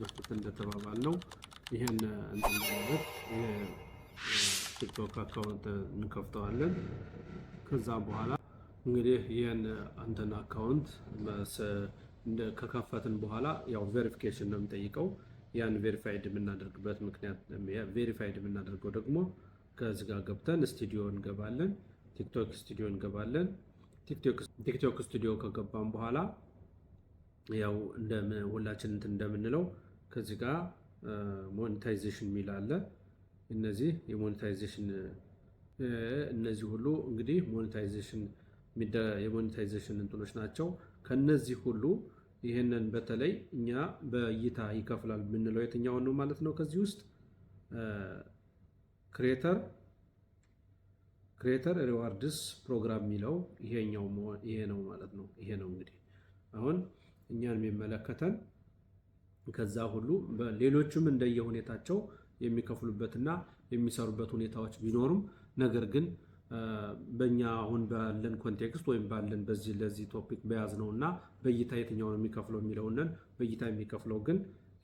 በፊት እንደተባባል ነው ይህን ማለት ቲክቶክ አካውንት እንከፍተዋለን። ከዛ በኋላ እንግዲህ ይህን አንተን አካውንት ከከፈትን በኋላ ያው ቬሪፊኬሽን ነው የሚጠይቀው። ያን ቬሪፋይድ የምናደርግበት ምክንያት ቬሪፋይድ የምናደርገው ደግሞ ከዚህ ጋር ገብተን ስቱዲዮ እንገባለን። ቲክቶክ ስቱዲዮ እንገባለን። ቲክቶክ ስቱዲዮ ከገባን በኋላ ያው ሁላችን እንትን እንደምንለው ከዚህ ጋር ሞኔታይዜሽን የሚል አለ። እነዚህ የሞኔታይዜሽን እነዚህ ሁሉ እንግዲህ ሞኔታይዜሽን የሞኔታይዜሽን እንትኖች ናቸው። ከነዚህ ሁሉ ይህንን በተለይ እኛ በእይታ ይከፍላል የምንለው የትኛውን ነው ማለት ነው? ከዚህ ውስጥ ክሬተር ክሬተር ሪዋርድስ ፕሮግራም የሚለው ይሄኛው ይሄ ነው ማለት ነው። ይሄ ነው እንግዲህ አሁን እኛን የሚመለከተን ከዛ ሁሉ ሌሎችም እንደየሁኔታቸው የሚከፍሉበትና የሚሰሩበት ሁኔታዎች ቢኖሩም ነገር ግን በእኛ አሁን ባለን ኮንቴክስት ወይም ባለን በዚህ ለዚህ ቶፒክ በያዝ ነው እና በእይታ የትኛው ነው የሚከፍለው የሚለውን በእይታ የሚከፍለው ግን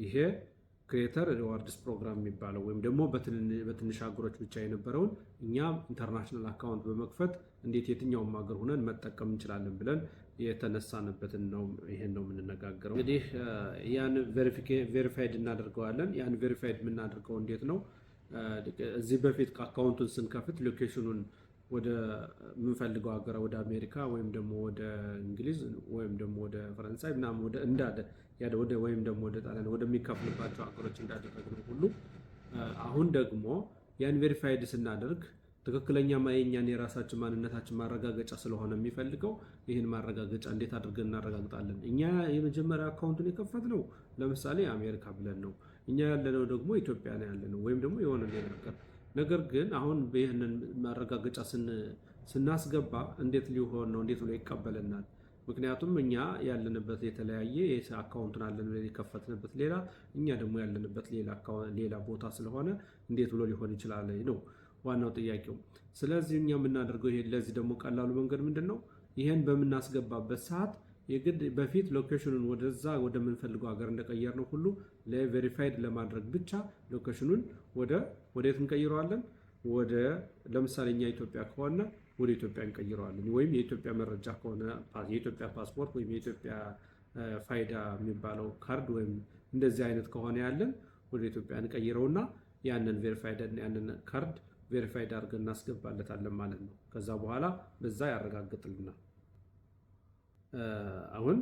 ይሄ ክሬተር ሪዋርድስ ፕሮግራም የሚባለው ወይም ደግሞ በትንሽ ሀገሮች ብቻ የነበረውን እኛ ኢንተርናሽናል አካውንት በመክፈት እንዴት የትኛውም ሀገር ሁነን መጠቀም እንችላለን ብለን የተነሳንበትን ነው። ይሄን ነው የምንነጋገረው። እንግዲህ ያን ቬሪፋይድ እናደርገዋለን። ያን ቬሪፋይድ የምናደርገው እንዴት ነው? እዚህ በፊት አካውንቱን ስንከፍት ሎኬሽኑን ወደ ምንፈልገው ሀገር ወደ አሜሪካ ወይም ደግሞ ወደ እንግሊዝ ወይም ደግሞ ወደ ፈረንሳይ ምናምን ወደ እንዳለ ወይም ደግሞ ወደ ጣሊያን ወደሚከፍልባቸው ሀገሮች እንዳደረግነው ሁሉ አሁን ደግሞ ያን ቬሪፋይድ ስናደርግ ትክክለኛ የእኛን የራሳችን ማንነታችን ማረጋገጫ ስለሆነ የሚፈልገው ይህን ማረጋገጫ እንዴት አድርገን እናረጋግጣለን? እኛ የመጀመሪያ አካውንቱን የከፈትነው ለምሳሌ አሜሪካ ብለን ነው። እኛ ያለነው ደግሞ ኢትዮጵያ ነው ያለነው ወይም ደግሞ የሆነ ነገር። ነገር ግን አሁን ይህንን ማረጋገጫ ስናስገባ እንዴት ሊሆን ነው? እንዴት ብሎ ይቀበለናል? ምክንያቱም እኛ ያለንበት የተለያየ አካውንትን አለን ብለን የከፈትንበት ሌላ እኛ ደግሞ ያለንበት ሌላ ቦታ ስለሆነ እንዴት ብሎ ሊሆን ይችላል ነው ዋናው ጥያቄው። ስለዚህ እኛ የምናደርገው ይሄ ለዚህ ደግሞ ቀላሉ መንገድ ምንድን ነው? ይሄን በምናስገባበት ሰዓት የግድ በፊት ሎኬሽኑን ወደዛ ወደምንፈልገው ሀገር እንደቀየር ነው ሁሉ ለቬሪፋይድ ለማድረግ ብቻ ሎኬሽኑን ወደ ወደየት እንቀይረዋለን ወደ ለምሳሌ እኛ ኢትዮጵያ ከሆነ ወደ ኢትዮጵያ እንቀይረዋለን። ወይም የኢትዮጵያ መረጃ ከሆነ የኢትዮጵያ ፓስፖርት ወይም የኢትዮጵያ ፋይዳ የሚባለው ካርድ ወይም እንደዚህ አይነት ከሆነ ያለን ወደ ኢትዮጵያ እንቀይረውና ያንን ቬሪፋይድ ያንን ካርድ ቬሪፋይድ አድርገን እናስገባለታለን ማለት ነው። ከዛ በኋላ በዛ ያረጋግጥልናል። አሁን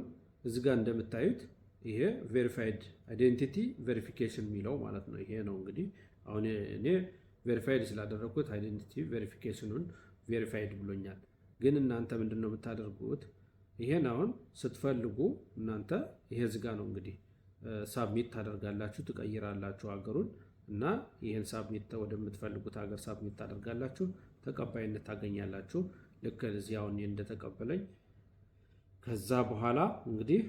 እዚ ጋር እንደምታዩት ይሄ ቬሪፋይድ አይዴንቲቲ ቬሪፊኬሽን የሚለው ማለት ነው። ይሄ ነው እንግዲህ አሁን እኔ ቬሪፋይድ ስላደረግኩት አይዴንቲቲ ቬሪፊኬሽኑን ቬሪፋይድ ብሎኛል። ግን እናንተ ምንድን ነው የምታደርጉት? ይሄን አሁን ስትፈልጉ እናንተ ይሄ ዝጋ ነው እንግዲህ ሳብሚት ታደርጋላችሁ፣ ትቀይራላችሁ ሀገሩን እና ይህን ሳብሚት ወደምትፈልጉት ሀገር ሳብሚት ታደርጋላችሁ፣ ተቀባይነት ታገኛላችሁ። ልክ እዚህ አሁን እንደተቀበለኝ ከዛ በኋላ እንግዲህ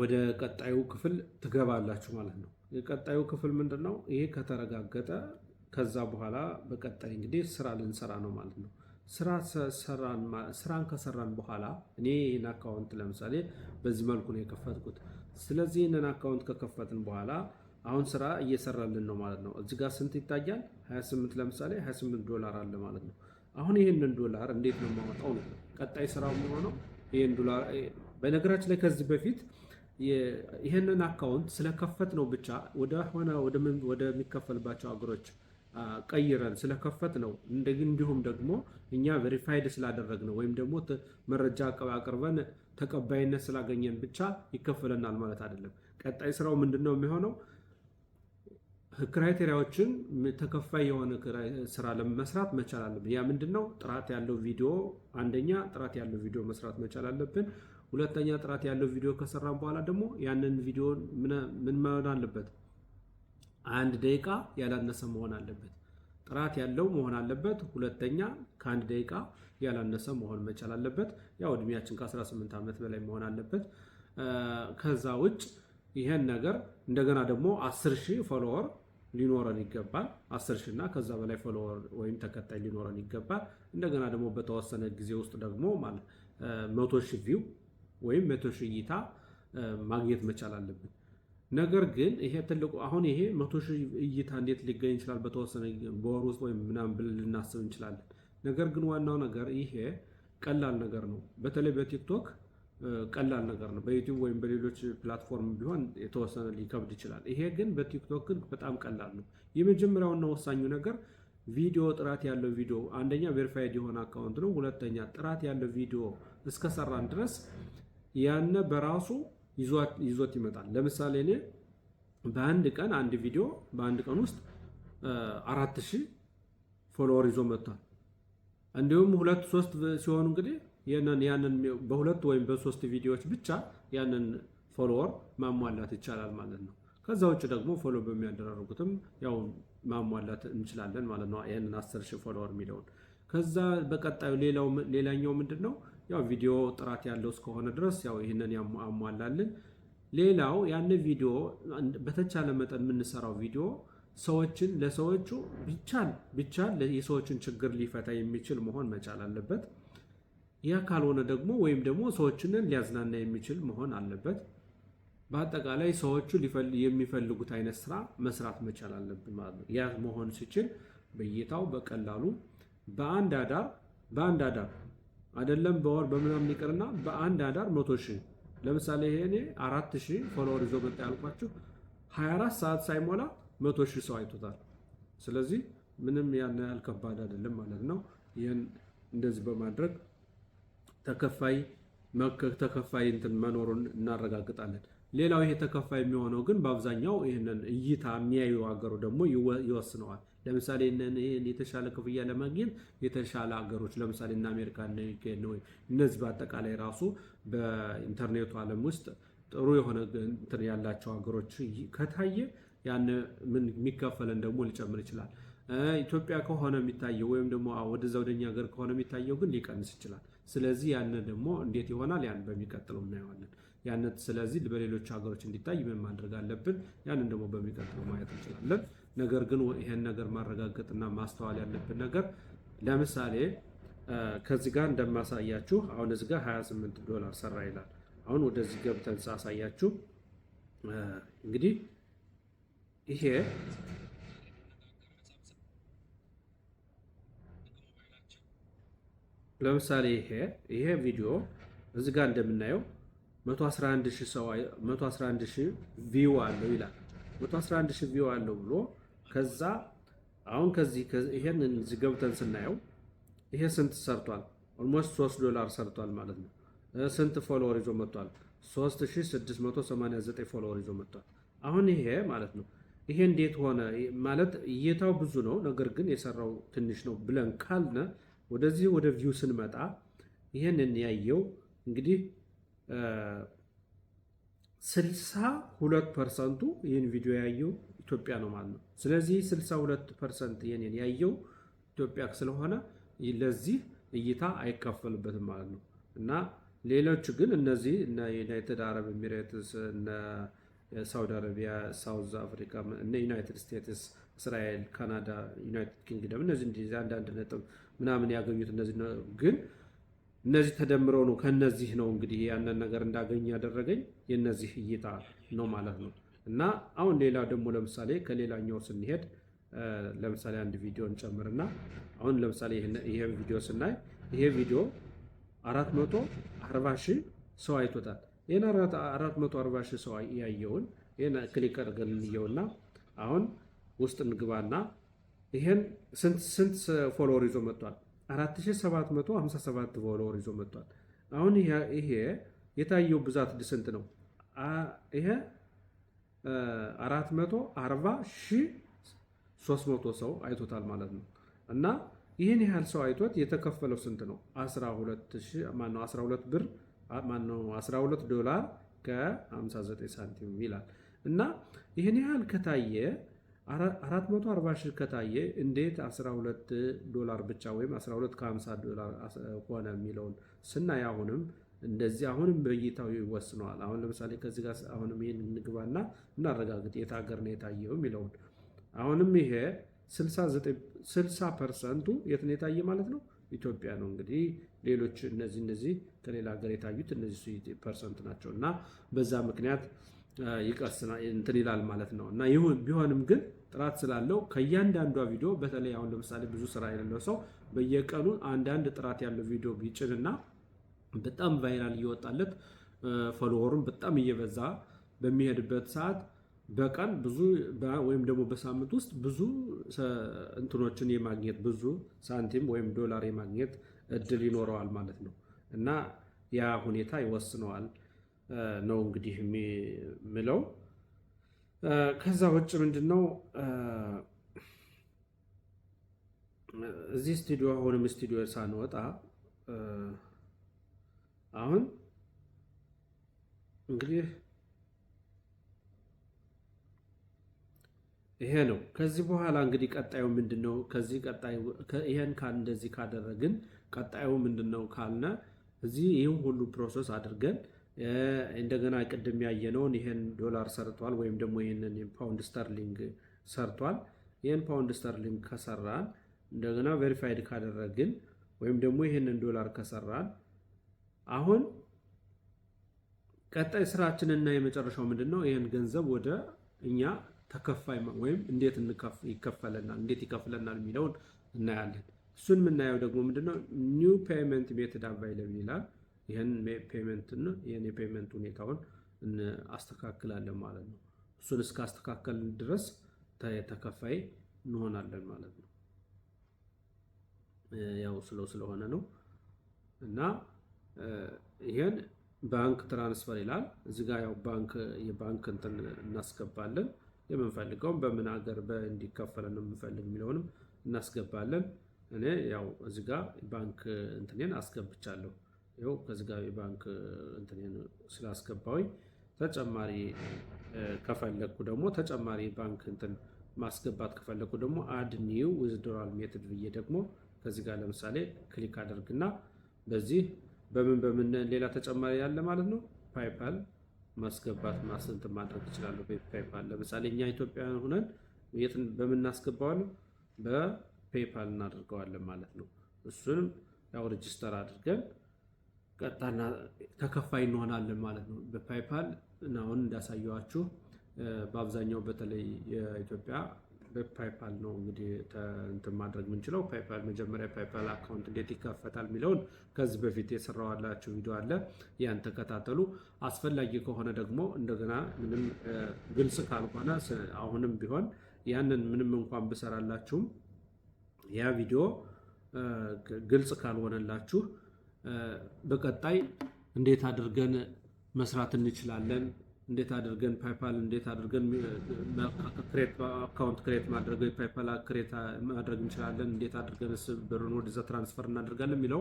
ወደ ቀጣዩ ክፍል ትገባላችሁ ማለት ነው። የቀጣዩ ክፍል ምንድን ነው? ይሄ ከተረጋገጠ ከዛ በኋላ በቀጣይ እንግዲህ ስራ ልንሰራ ነው ማለት ነው። ስራን ከሰራን በኋላ እኔ ይህን አካውንት ለምሳሌ በዚህ መልኩ ነው የከፈትኩት። ስለዚህ ይህንን አካውንት ከከፈትን በኋላ አሁን ስራ እየሰራልን ነው ማለት ነው። እዚህ ጋር ስንት ይታያል? 28 ለምሳሌ 28 ዶላር አለ ማለት ነው። አሁን ይህንን ዶላር እንዴት ነው የማወጣው ነው ቀጣይ ስራው የሚሆነው ይህን ዶላር። በነገራችን ላይ ከዚህ በፊት ይህንን አካውንት ስለከፈት ነው ብቻ ወደ ወደሚከፈልባቸው ሀገሮች ቀይረን ስለከፈት ነው። እንዲሁም ደግሞ እኛ ቬሪፋይድ ስላደረግ ነው ወይም ደግሞ መረጃ አቅርበን ተቀባይነት ስላገኘን ብቻ ይከፈለናል ማለት አይደለም። ቀጣይ ስራው ምንድን ነው የሚሆነው? ክራይቴሪያዎችን ተከፋይ የሆነ ስራ ለመስራት መቻል አለብን። ያ ምንድን ነው? ጥራት ያለው ቪዲዮ አንደኛ ጥራት ያለው ቪዲዮ መስራት መቻል አለብን። ሁለተኛ ጥራት ያለው ቪዲዮ ከሰራን በኋላ ደግሞ ያንን ቪዲዮ ምን መሆን አለበት አንድ ደቂቃ ያላነሰ መሆን አለበት። ጥራት ያለው መሆን አለበት። ሁለተኛ ከአንድ ደቂቃ ያላነሰ መሆን መቻል አለበት። ያው እድሜያችን ከ18 ዓመት በላይ መሆን አለበት። ከዛ ውጭ ይሄን ነገር እንደገና ደግሞ 10 ሺህ ፎሎወር ሊኖረን ይገባል። 10 ሺህ እና ከዛ በላይ ፎሎወር ወይም ተከታይ ሊኖረን ይገባል። እንደገና ደግሞ በተወሰነ ጊዜ ውስጥ ደግሞ ማለት መቶ ሺህ ቪው ወይም መቶ ሺህ እይታ ማግኘት መቻል አለብን። ነገር ግን ይሄ ትልቁ አሁን ይሄ መቶ ሺህ እይታ እንዴት ሊገኝ ይችላል? በተወሰነ በወር ውስጥ ወይም ምናምን ብለን ልናስብ እንችላለን። ነገር ግን ዋናው ነገር ይሄ ቀላል ነገር ነው። በተለይ በቲክቶክ ቀላል ነገር ነው። በዩቲዩብ ወይም በሌሎች ፕላትፎርም ቢሆን የተወሰነ ሊከብድ ይችላል። ይሄ ግን በቲክቶክ ግን በጣም ቀላል ነው። የመጀመሪያውና ወሳኙ ነገር ቪዲዮ ጥራት ያለው ቪዲዮ፣ አንደኛ ቬሪፋይድ የሆነ አካውንት ነው። ሁለተኛ ጥራት ያለው ቪዲዮ እስከሰራን ድረስ ያነ በራሱ ይዞት ይመጣል። ለምሳሌ እኔ በአንድ ቀን አንድ ቪዲዮ በአንድ ቀን ውስጥ አራት ሺህ ፎሎወር ይዞ መጥቷል። እንዲሁም ሁለት ሶስት ሲሆኑ እንግዲህ ያንን በሁለት ወይም በሶስት ቪዲዮዎች ብቻ ያንን ፎሎወር ማሟላት ይቻላል ማለት ነው። ከዛ ውጭ ደግሞ ፎሎ በሚያደራርጉትም ያው ማሟላት እንችላለን ማለት ነው። ይህንን አስር ሺህ ፎሎወር የሚለውን ከዛ በቀጣዩ ሌላኛው ምንድን ነው ያው ቪዲዮ ጥራት ያለው እስከሆነ ድረስ ያው ይህንን ያሟላልን። ሌላው ያን ቪዲዮ በተቻለ መጠን የምንሰራው ቪዲዮ ሰዎችን ለሰዎቹ ብቻ ብቻ የሰዎችን ችግር ሊፈታ የሚችል መሆን መቻል አለበት። ያ ካልሆነ ደግሞ ወይም ደግሞ ሰዎችንን ሊያዝናና የሚችል መሆን አለበት። በአጠቃላይ ሰዎቹ የሚፈልጉት አይነት ስራ መስራት መቻል አለብን ማለት ነው። ያ መሆን ሲችል በእይታው በቀላሉ በአንድ አዳር በአንድ አዳር አይደለም በወር በምናምን ይቅርና በአንድ አዳር መቶ ሺህ ለምሳሌ ይሄ እኔ አራት ሺህ ፎሎወር ይዞ መጣ ያልኳችሁ 24 ሰዓት ሳይሞላ መቶ ሺህ ሰው አይቶታል። ስለዚህ ምንም ያን ያህል ከባድ አይደለም ማለት ነው። ይህን እንደዚህ በማድረግ ተከፋይ ተከፋይ እንትን መኖሩን እናረጋግጣለን። ሌላው ይሄ ተከፋ የሚሆነው ግን በአብዛኛው ይህንን እይታ የሚያዩ ሀገሩ ደግሞ ይወስነዋል። ለምሳሌ ይህን የተሻለ ክፍያ ለማግኘት የተሻለ ሀገሮች ለምሳሌ እነ አሜሪካ ወይ እነዚህ በአጠቃላይ ራሱ በኢንተርኔቱ ዓለም ውስጥ ጥሩ የሆነ እንትን ያላቸው ሀገሮች ከታየ ያን ምን የሚከፈለን ደግሞ ሊጨምር ይችላል። ኢትዮጵያ ከሆነ የሚታየው ወይም ደግሞ ወደዛ ወደኛ ሀገር ከሆነ የሚታየው ግን ሊቀንስ ይችላል። ስለዚህ ያንን ደግሞ እንዴት ይሆናል? ያን በሚቀጥለው እናየዋለን። ያንን ስለዚህ በሌሎች ሀገሮች እንዲታይ ምን ማድረግ አለብን? ያንን ደግሞ በሚቀጥለው ማየት እንችላለን። ነገር ግን ይሄን ነገር ማረጋገጥና ማስተዋል ያለብን ነገር ለምሳሌ ከዚህ ጋር እንደማሳያችሁ አሁን እዚህ ጋር 28 ዶላር ሰራ ይላል። አሁን ወደዚህ ገብተን ሳሳያችሁ እንግዲህ ይሄ ለምሳሌ ይሄ ይሄ ቪዲዮ እዚህ ጋር እንደምናየው 111 ሺህ ቪው አለው ይላል። 111 ሺህ ቪው አለው ብሎ ከዛ አሁን ከዚህ ይሄን እዚህ ገብተን ስናየው ይሄ ስንት ሰርቷል? ኦልሞስት 3 ዶላር ሰርቷል ማለት ነው። ስንት ፎሎወር ይዞ መጥቷል? 3689 ፎሎወር ይዞ መጥቷል። አሁን ይሄ ማለት ነው ይሄ እንዴት ሆነ ማለት እይታው ብዙ ነው፣ ነገር ግን የሰራው ትንሽ ነው ብለን ካልነ ወደዚህ ወደ ቪው ስንመጣ ይህንን ያየው እንግዲህ ስልሳ ሁለት ፐርሰንቱ ይህን ቪዲዮ ያየው ኢትዮጵያ ነው ማለት ነው። ስለዚህ ስልሳ ሁለት ፐርሰንት ይህንን ያየው ኢትዮጵያ ስለሆነ ለዚህ እይታ አይካፈልበትም ማለት ነው እና ሌሎች ግን እነዚህ እነ ዩናይትድ አረብ ኤሚሬትስ እነ ሳውዲ አረቢያ፣ ሳውዝ አፍሪካ፣ እነ ዩናይትድ ስቴትስ፣ እስራኤል፣ ካናዳ፣ ዩናይትድ ኪንግደም እነዚህ አንዳንድ ነጥብ ምናምን ያገኙት እነዚህ ግን እነዚህ ተደምረው ነው ከነዚህ ነው እንግዲህ ያንን ነገር እንዳገኝ ያደረገኝ የነዚህ እይታ ነው ማለት ነው። እና አሁን ሌላ ደግሞ ለምሳሌ ከሌላኛው ስንሄድ ለምሳሌ አንድ ቪዲዮ እንጨምርና አሁን ለምሳሌ ይሄ ቪዲዮ ስናይ ይሄ ቪዲዮ 440 ሺህ ሰው አይቶታል። ይህን 440 ሺህ ሰው ያየውን ይህን ክሊክ አድርገን እንየውና አሁን ውስጥ እንግባና ይሄን ስንት ስንት ፎሎወር ይዞ መጥቷል? 4757 ፎሎወር ይዞ መጥቷል። አሁን ይሄ የታየው ብዛት ስንት ነው? ይሄ 300 ሰው አይቶታል ማለት ነው። እና ይህን ያህል ሰው አይቶት የተከፈለው ስንት ነው? 12 ብር ማነው 12 ዶላር ከ59 ሳንቲም ይላል። እና ይህን ያህል ከታየ 440 ሺህ ከታየ እንዴት 12 ዶላር ብቻ ወይም 12 ከ50 ዶላር ሆነ የሚለውን ስናይ አሁንም እንደዚህ አሁንም በእይታው ይወስነዋል። አሁን ለምሳሌ ከዚህ ጋር አሁንም ይህን እንግባና እናረጋግጥ የት ሀገር ነው የታየው የሚለውን አሁንም ይሄ 60 ፐርሰንቱ የት ነው የታየ ማለት ነው ኢትዮጵያ ነው። እንግዲህ ሌሎች እነዚህ እነዚህ ከሌላ ሀገር የታዩት እነዚህ ፐርሰንት ናቸው እና በዛ ምክንያት ይቀስና እንትን ይላል ማለት ነው። እና ይሁን ቢሆንም ግን ጥራት ስላለው ከእያንዳንዷ ቪዲዮ በተለይ አሁን ለምሳሌ ብዙ ስራ የሌለው ሰው በየቀኑ አንዳንድ ጥራት ያለው ቪዲዮ ቢጭንና በጣም ቫይራል እየወጣለት ፎሎወሩን በጣም እየበዛ በሚሄድበት ሰዓት በቀን ብዙ ወይም ደግሞ በሳምንት ውስጥ ብዙ እንትኖችን የማግኘት ብዙ ሳንቲም ወይም ዶላር የማግኘት እድል ይኖረዋል ማለት ነው እና ያ ሁኔታ ይወስነዋል። ነው እንግዲህ የሚለው። ከዛ ውጭ ምንድን ነው እዚህ ስቱዲዮ አሁንም ስቱዲዮ ሳንወጣ አሁን እንግዲህ ይሄ ነው። ከዚህ በኋላ እንግዲህ ቀጣዩ ምንድን ነው? ከዚህ ቀጣዩ ይሄን ካል እንደዚህ ካደረግን ቀጣዩ ምንድን ነው ካልነ እዚህ ይህን ሁሉ ፕሮሰስ አድርገን እንደገና ቅድም ያየነውን ይህን ዶላር ሰርቷል፣ ወይም ደግሞ ይህንን ፓውንድ ስተርሊንግ ሰርቷል። ይህን ፓውንድ ስተርሊንግ ከሰራን እንደገና ቬሪፋይድ ካደረግን ወይም ደግሞ ይህንን ዶላር ከሰራን አሁን ቀጣይ ስራችንና የመጨረሻው ምንድን ነው? ይህን ገንዘብ ወደ እኛ ተከፋይ ወይም እንዴት ይከፈለናል፣ እንዴት ይከፍለናል የሚለውን እናያለን። እሱን የምናየው ደግሞ ምንድነው ኒው ፔይመንት ሜትድ አቫይለብል ይላል። ይህን ፔመንትና ይህን የፔመንት ሁኔታውን አስተካክላለን ማለት ነው። እሱን እስካስተካከልን ድረስ ተከፋይ እንሆናለን ማለት ነው። ያው ስለው ስለሆነ ነው እና ይህን ባንክ ትራንስፈር ይላል እዚጋ ያው ባንክ የባንክ እንትን እናስገባለን የምንፈልገውን በምን ሀገር እንዲከፈለን የምንፈልግ የሚለውንም እናስገባለን። እኔ ያው እዚጋ ባንክ እንትኔን አስገብቻለሁ። ይኸው ከዝጋቤ ባንክ እንትኔን ስላስገባውኝ ተጨማሪ ከፈለግኩ ደግሞ ተጨማሪ ባንክ እንትን ማስገባት ከፈለግኩ ደግሞ አድ ኒው ዊዝድራል ሜትድ ብዬ ደግሞ ከዚህ ጋር ለምሳሌ ክሊክ አደርግና በዚህ በምን በምን ሌላ ተጨማሪ ያለ ማለት ነው ፓይፓል ማስገባት ማስንት ማድረግ እችላለሁ። ፔይፓል ለምሳሌ እኛ ኢትዮጵያውያን ሁነን የት በምናስገባዋለን በፔይፓል እናደርገዋለን ማለት ነው። እሱንም ያው ሬጅስተር አድርገን ቀጥታና ተከፋይ እንሆናለን ማለት ነው። በፓይፓል አሁን እንዳሳየዋችሁ በአብዛኛው በተለይ የኢትዮጵያ በፓይፓል ነው እንግዲህ እንትን ማድረግ የምንችለው። ፓይፓል መጀመሪያ ፓይፓል አካውንት እንዴት ይከፈታል የሚለውን ከዚህ በፊት የሰራዋላችሁ ቪዲዮ አለ፣ ያን ተከታተሉ። አስፈላጊ ከሆነ ደግሞ እንደገና ምንም ግልጽ ካልሆነ አሁንም ቢሆን ያንን ምንም እንኳን ብሰራላችሁም ያ ቪዲዮ ግልጽ ካልሆነላችሁ በቀጣይ እንዴት አድርገን መስራት እንችላለን፣ እንዴት አድርገን ፓይፓል እንዴት አድርገን ክሬት አካውንት ክሬት ማድረግ ወይ ፓይፓል ክሬት ማድረግ እንችላለን፣ እንዴት አድርገን ስ ብርን ወደዛ ትራንስፈር እናደርጋለን የሚለው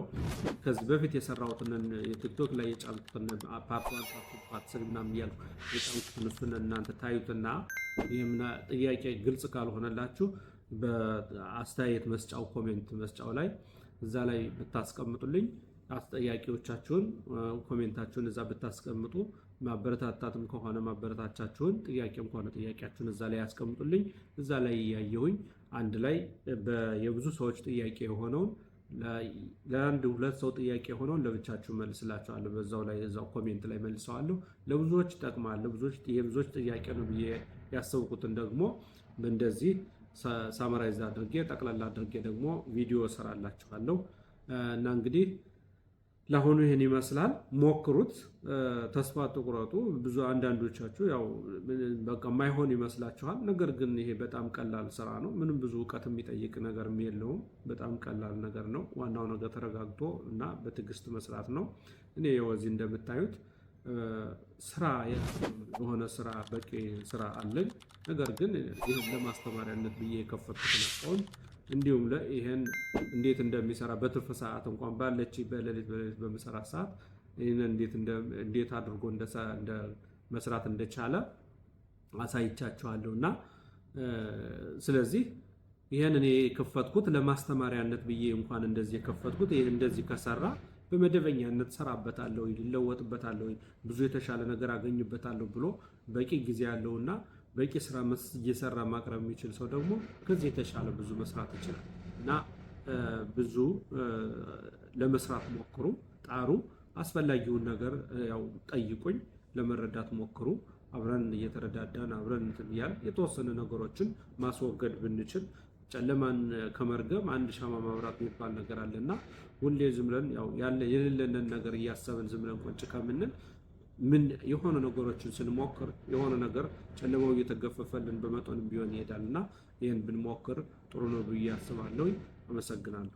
ከዚህ በፊት የሰራሁትን የቲክቶክ ላይ የጫንኩትን ፓርትዋን ፓርትስሪ ምናምን እያልኩ የጫንኩትን እሱን እናንተ ታዩትና ይህምና ጥያቄ ግልጽ ካልሆነላችሁ በአስተያየት መስጫው ኮሜንት መስጫው ላይ እዛ ላይ ብታስቀምጡልኝ አስጠያቂዎቻችሁን ኮሜንታችሁን እዛ ብታስቀምጡ ማበረታታትም ከሆነ ማበረታቻችሁን ጥያቄም ከሆነ ጥያቄያችሁን እዛ ላይ ያስቀምጡልኝ። እዛ ላይ እያየሁኝ አንድ ላይ የብዙ ሰዎች ጥያቄ የሆነውን ለአንድ ሁለት ሰው ጥያቄ የሆነውን ለብቻችሁ መልስላችኋለሁ። በዛው ላይ እዛው ኮሜንት ላይ መልሰዋለሁ። ለብዙዎች ይጠቅማል። የብዙዎች ጥያቄ ነው ብዬ ያሰብኩትን ደግሞ እንደዚህ ሳመራይዝ አድርጌ ጠቅላላ አድርጌ ደግሞ ቪዲዮ እሰራላችኋለሁ እና እንግዲህ ለአሁኑ ይህን ይመስላል። ሞክሩት፣ ተስፋ ትቁረጡ። ብዙ አንዳንዶቻችሁ ያው በቃ ማይሆን ይመስላችኋል። ነገር ግን ይሄ በጣም ቀላል ስራ ነው። ምንም ብዙ እውቀት የሚጠይቅ ነገር የለውም። በጣም ቀላል ነገር ነው። ዋናው ነገር ተረጋግቶ እና በትዕግስት መስራት ነው። እኔ የወዚህ እንደምታዩት ስራ የሆነ ስራ በቂ ስራ አለኝ። ነገር ግን ይህን ለማስተማሪያነት ብዬ የከፈትኩት እንዲሁም ይሄን እንዴት እንደሚሰራ በትርፍ ሰዓት እንኳን ባለች በሌሊት በሌሊት በምሰራት ሰዓት ይህንን እንዴት አድርጎ መስራት እንደቻለ አሳይቻችኋለሁ እና ስለዚህ ይህን እኔ የከፈትኩት ለማስተማሪያነት ብዬ እንኳን እንደዚህ የከፈትኩት ይህን እንደዚህ ከሰራ በመደበኛነት ሰራበታለሁ፣ ይለወጥበታለሁ፣ ብዙ የተሻለ ነገር አገኝበታለሁ ብሎ በቂ ጊዜ ያለውና በቂ ስራ እየሰራ ማቅረብ የሚችል ሰው ደግሞ ከዚህ የተሻለ ብዙ መስራት ይችላል እና ብዙ ለመስራት ሞክሩ፣ ጣሩ። አስፈላጊውን ነገር ያው ጠይቁኝ፣ ለመረዳት ሞክሩ። አብረን እየተረዳዳን አብረን እንትን የተወሰነ ነገሮችን ማስወገድ ብንችል ጨለማን ከመርገም አንድ ሻማ ማብራት የሚባል ነገር አለና ሁሌ ዝም ብለን ያው ያለ የሌለንን ነገር እያሰብን ዝም ብለን ቆጭ ከምንል ምን የሆነ ነገሮችን ስንሞክር የሆነ ነገር ጨለማው እየተገፈፈልን በመጠን ቢሆን ይሄዳል እና ይህን ብንሞክር ጥሩ ነው ብዬ አስባለሁ። አመሰግናለሁ።